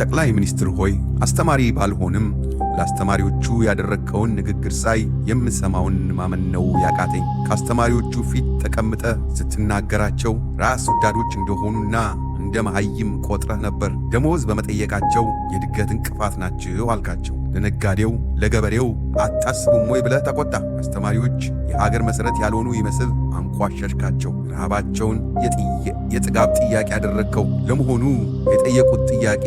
ጠቅላይ ሚኒስትር ሆይ አስተማሪ ባልሆንም ለአስተማሪዎቹ ያደረግከውን ንግግር ሳይ የምሰማውን ማመን ነው ያቃተኝ። ከአስተማሪዎቹ ፊት ተቀምጠ ስትናገራቸው ራስ ወዳዶች እንደሆኑና እንደ መሐይም ቆጥረህ ነበር። ደሞዝ በመጠየቃቸው የእድገት እንቅፋት ናቸው አልካቸው። ለነጋዴው ለገበሬው አታስቡም ወይ ብለህ ተቆጣ። አስተማሪዎች የሀገር መሠረት ያልሆኑ ይመስል አንቋሸሽካቸው። ረሃባቸውን የጥጋብ ጥያቄ አደረግከው። ለመሆኑ የጠየቁት ጥያቄ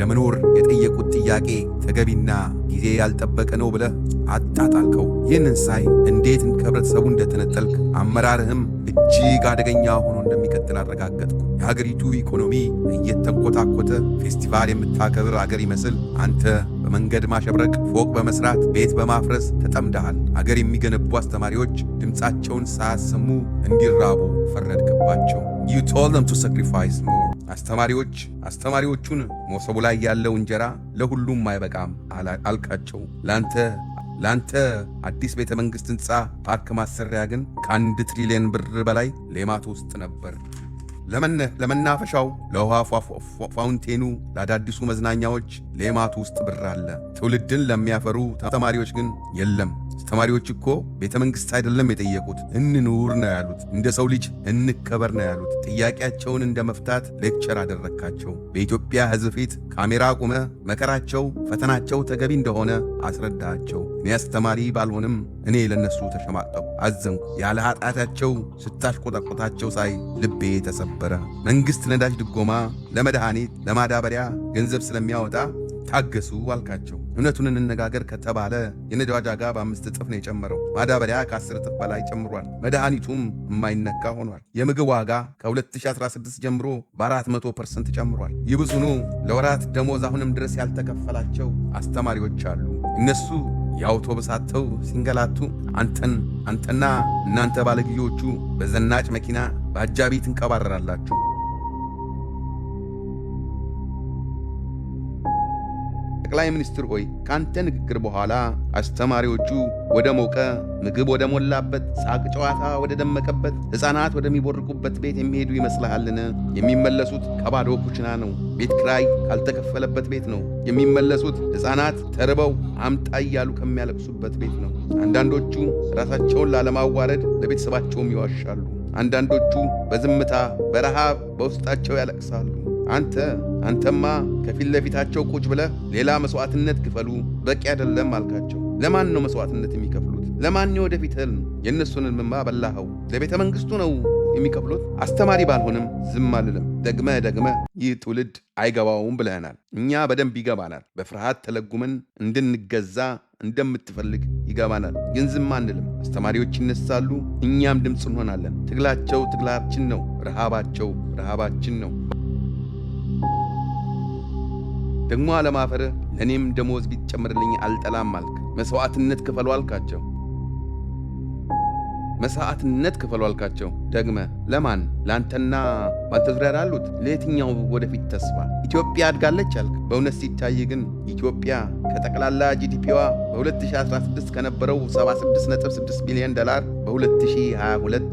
ለመኖር የጠየቁት ጥያቄ ተገቢና ጊዜ ያልጠበቀ ነው ብለህ አጣጣልከው። ይህንን ሳይ እንዴት ከህብረተሰቡ እንደተነጠልክ አመራርህም እጅግ አደገኛ ሆኖ እንደሚቀጥል አረጋገጥኩ። የሀገሪቱ ኢኮኖሚ እየተንኮታኮተ ፌስቲቫል የምታከብር አገር ይመስል አንተ በመንገድ ማሸብረቅ፣ ፎቅ በመስራት፣ ቤት በማፍረስ ተጠምደሃል። አገር የሚገነቡ አስተማሪዎች ድምፃቸውን ሳያሰሙ እንዲራቡ ፈረድክባቸው። ዩ told them ቱ ሳክሪፋይስ more አስተማሪዎች አስተማሪዎቹን መሶቡ ላይ ያለው እንጀራ ለሁሉም አይበቃም አልካቸው። ላንተ ለአንተ አዲስ ቤተ መንግሥት ሕንፃ ፓርክ ማሰሪያ ግን ከአንድ ትሪሊየን ብር በላይ ሌማት ውስጥ ነበር። ለመናፈሻው፣ ለውሃ ፋውንቴኑ፣ ለአዳዲሱ መዝናኛዎች ሌማት ውስጥ ብር አለ። ትውልድን ለሚያፈሩ ተማሪዎች ግን የለም። ተማሪዎች እኮ ቤተ መንግሥት አይደለም የጠየቁት፣ እንኑር ነው ያሉት። እንደ ሰው ልጅ እንከበር ነው ያሉት። ጥያቄያቸውን እንደ መፍታት ሌክቸር አደረግካቸው። በኢትዮጵያ ሕዝብ ፊት ካሜራ ቁመ መከራቸው፣ ፈተናቸው ተገቢ እንደሆነ አስረዳቸው። እኔ አስተማሪ ባልሆንም እኔ ለነሱ ተሸማቀቁ፣ አዘንኩ። ያለ ኃጢአታቸው ስታሽቆጠቆጣቸው ሳይ ልቤ ተሰበረ። መንግሥት ነዳጅ ድጎማ ለመድኃኒት ለማዳበሪያ ገንዘብ ስለሚያወጣ ታገሱ አልካቸው። እውነቱን እንነጋገር ከተባለ የነዳጅ ዋጋ በአምስት እጥፍ ነው የጨመረው። ማዳበሪያ ከአስር እጥፍ በላይ ጨምሯል። መድኃኒቱም የማይነካ ሆኗል። የምግብ ዋጋ ከ2016 ጀምሮ በ400 ፐርሰንት ጨምሯል። ይብዙኑ ለወራት ደሞዝ አሁንም ድረስ ያልተከፈላቸው አስተማሪዎች አሉ። እነሱ የአውቶቡስ አጥተው ሲንገላቱ አንተን አንተና እናንተ ባለጊዜዎቹ በዘናጭ መኪና በአጃቢ ትንቀባረራላችሁ። ጠቅላይ ሚኒስትር ሆይ ካንተ ንግግር በኋላ አስተማሪዎቹ ወደ ሞቀ ምግብ ወደ ሞላበት ሳቅ ጨዋታ ወደ ደመቀበት ሕፃናት ወደሚቦርቁበት ቤት የሚሄዱ ይመስልሃልን? የሚመለሱት ከባዶ ኩሽና ነው። ቤት ክራይ ካልተከፈለበት ቤት ነው የሚመለሱት። ሕፃናት ተርበው አምጣ እያሉ ከሚያለቅሱበት ቤት ነው። አንዳንዶቹ ራሳቸውን ላለማዋረድ ለቤተሰባቸውም ይዋሻሉ። አንዳንዶቹ በዝምታ በረሃብ በውስጣቸው ያለቅሳሉ። አንተ አንተማ ከፊት ለፊታቸው ቁጭ ብለህ ሌላ መስዋዕትነት ክፈሉ በቂ አይደለም አልካቸው። ለማን ነው መስዋዕትነት የሚከፍሉት? ለማን የወደፊት ህልም? የእነሱን ህልምማ በላኸው። ለቤተ መንግሥቱ ነው የሚከፍሉት። አስተማሪ ባልሆንም ዝም አልልም። ደግመ ደግመ ይህ ትውልድ አይገባውም ብለህናል። እኛ በደንብ ይገባናል። በፍርሃት ተለጉመን እንድንገዛ እንደምትፈልግ ይገባናል። ግን ዝም አንልም። አስተማሪዎች ይነሳሉ፣ እኛም ድምፅ እንሆናለን። ትግላቸው ትግላችን ነው፣ ረሃባቸው ረሃባችን ነው። ደግሞ አለማፈርህ ለእኔም ደሞዝ ቢጨምርልኝ አልጠላም አልክ። መሥዋዕትነት ክፈሉ አልካቸው። መሥዋዕትነት ክፈሉ አልካቸው። ደግመ ለማን? ለአንተና ባንተ ዙሪያ ላሉት? ለየትኛው ወደፊት ተስፋ ኢትዮጵያ አድጋለች አልክ። በእውነት ሲታይ ግን ኢትዮጵያ ከጠቅላላ ጂዲፒዋ በ2016 ከነበረው 76.6 ቢሊዮን ዶላር በ2022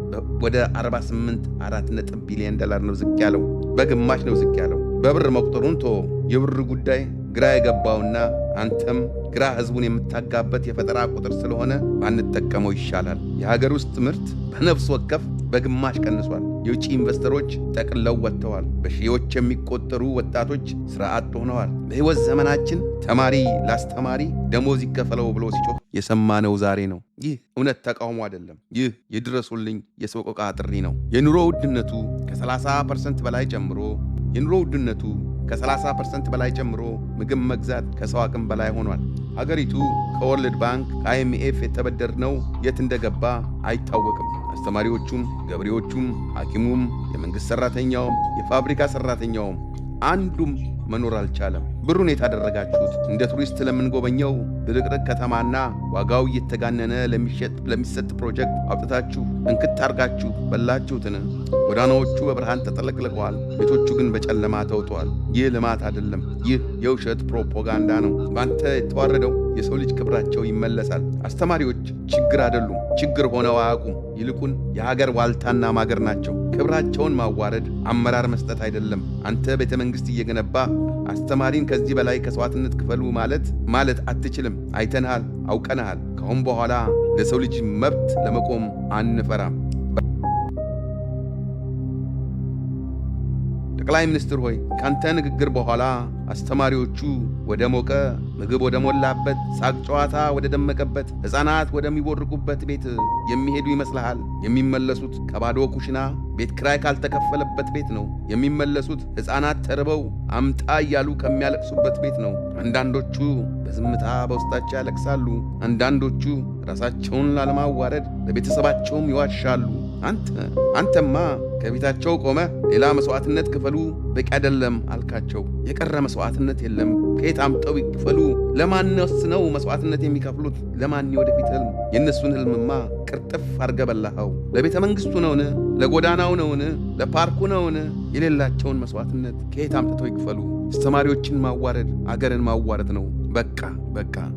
ወደ 48.4 ቢሊዮን ዶላር ነው ዝቅ ያለው፣ በግማሽ ነው ዝቅ ያለው። በብር መቁጠሩን ቶ የብር ጉዳይ ግራ የገባውና አንተም ግራ ህዝቡን የምታጋበት የፈጠራ ቁጥር ስለሆነ ባንጠቀመው ይሻላል። የሀገር ውስጥ ምርት በነፍስ ወከፍ በግማሽ ቀንሷል። የውጭ ኢንቨስተሮች ጠቅለው ወጥተዋል። በሺዎች የሚቆጠሩ ወጣቶች ሥራ አጥ ሆነዋል። በሕይወት ዘመናችን ተማሪ ላስተማሪ ደሞዝ ይከፈለው ብሎ ሲጮህ የሰማነው ዛሬ ነው። ይህ እውነት ተቃውሞ አይደለም። ይህ የድረሱልኝ የሰቆቃ ጥሪ ነው። የኑሮ ውድነቱ ከ30 ፐርሰንት በላይ ጨምሮ የኑሮ ውድነቱ ከ30 ፐርሰንት በላይ ጨምሮ ምግብ መግዛት ከሰው አቅም በላይ ሆኗል። ሀገሪቱ ከወርልድ ባንክ ከአይኤምኤፍ የተበደርነው የት እንደገባ አይታወቅም። አስተማሪዎቹም፣ ገበሬዎቹም፣ ሐኪሙም፣ የመንግሥት ሠራተኛውም፣ የፋብሪካ ሠራተኛውም አንዱም መኖር አልቻለም። ብሩን የታደረጋችሁት አደረጋችሁት? እንደ ቱሪስት ለምንጎበኘው ድርቅርቅ ከተማና ዋጋው እየተጋነነ ለሚሸጥ ለሚሰጥ ፕሮጀክት አውጥታችሁ እንክት አርጋችሁ በላችሁትን? ጎዳናዎቹ በብርሃን ተጠለቅልቀዋል፣ ቤቶቹ ግን በጨለማ ተውጠዋል። ይህ ልማት አይደለም። ይህ የውሸት ፕሮፓጋንዳ ነው። ባንተ የተዋረደው የሰው ልጅ ክብራቸው ይመለሳል። አስተማሪዎች ችግር አይደሉም፣ ችግር ሆነው አያውቁም። ይልቁን የሀገር ዋልታና ማገር ናቸው። ክብራቸውን ማዋረድ አመራር መስጠት አይደለም። አንተ ቤተ መንግሥት እየገነባ አስተማሪን ከዚህ በላይ ከሰዋትነት ክፈሉ ማለት ማለት አትችልም። አይተንሃል፣ አውቀንሃል። ከአሁን በኋላ ለሰው ልጅ መብት ለመቆም አንፈራም። ጠቅላይ ሚኒስትር ሆይ ካንተ ንግግር በኋላ አስተማሪዎቹ ወደ ሞቀ ምግብ ወደ ሞላበት፣ ሳቅ ጨዋታ ወደ ደመቀበት፣ ሕፃናት ወደሚቦርቁበት ቤት የሚሄዱ ይመስልሃል? የሚመለሱት ከባዶ ኩሽና ቤት ክራይ ካልተከፈለበት ቤት ነው የሚመለሱት። ሕፃናት ተርበው አምጣ እያሉ ከሚያለቅሱበት ቤት ነው። አንዳንዶቹ በዝምታ በውስጣቸው ያለቅሳሉ። አንዳንዶቹ ራሳቸውን ላለማዋረድ ለቤተሰባቸውም ይዋሻሉ። አንተ አንተማ ከፊታቸው ቆመ። ሌላ መሥዋዕትነት ክፈሉ፣ በቂ አይደለም አልካቸው። የቀረ መሥዋዕትነት የለም፣ ከየት አምጠው ይክፈሉ? ለማንስ ነው መሥዋዕትነት የሚከፍሉት? ለማን ወደፊት ህልም? የእነሱን ህልምማ ቅርጥፍ አድርገ በላኸው። ለቤተ መንግሥቱ ነውን? ለጎዳናው ነውን? ለፓርኩ ነውን? የሌላቸውን መሥዋዕትነት ከየት አምጥተው ይክፈሉ? አስተማሪዎችን ማዋረድ አገርን ማዋረድ ነው። በቃ በቃ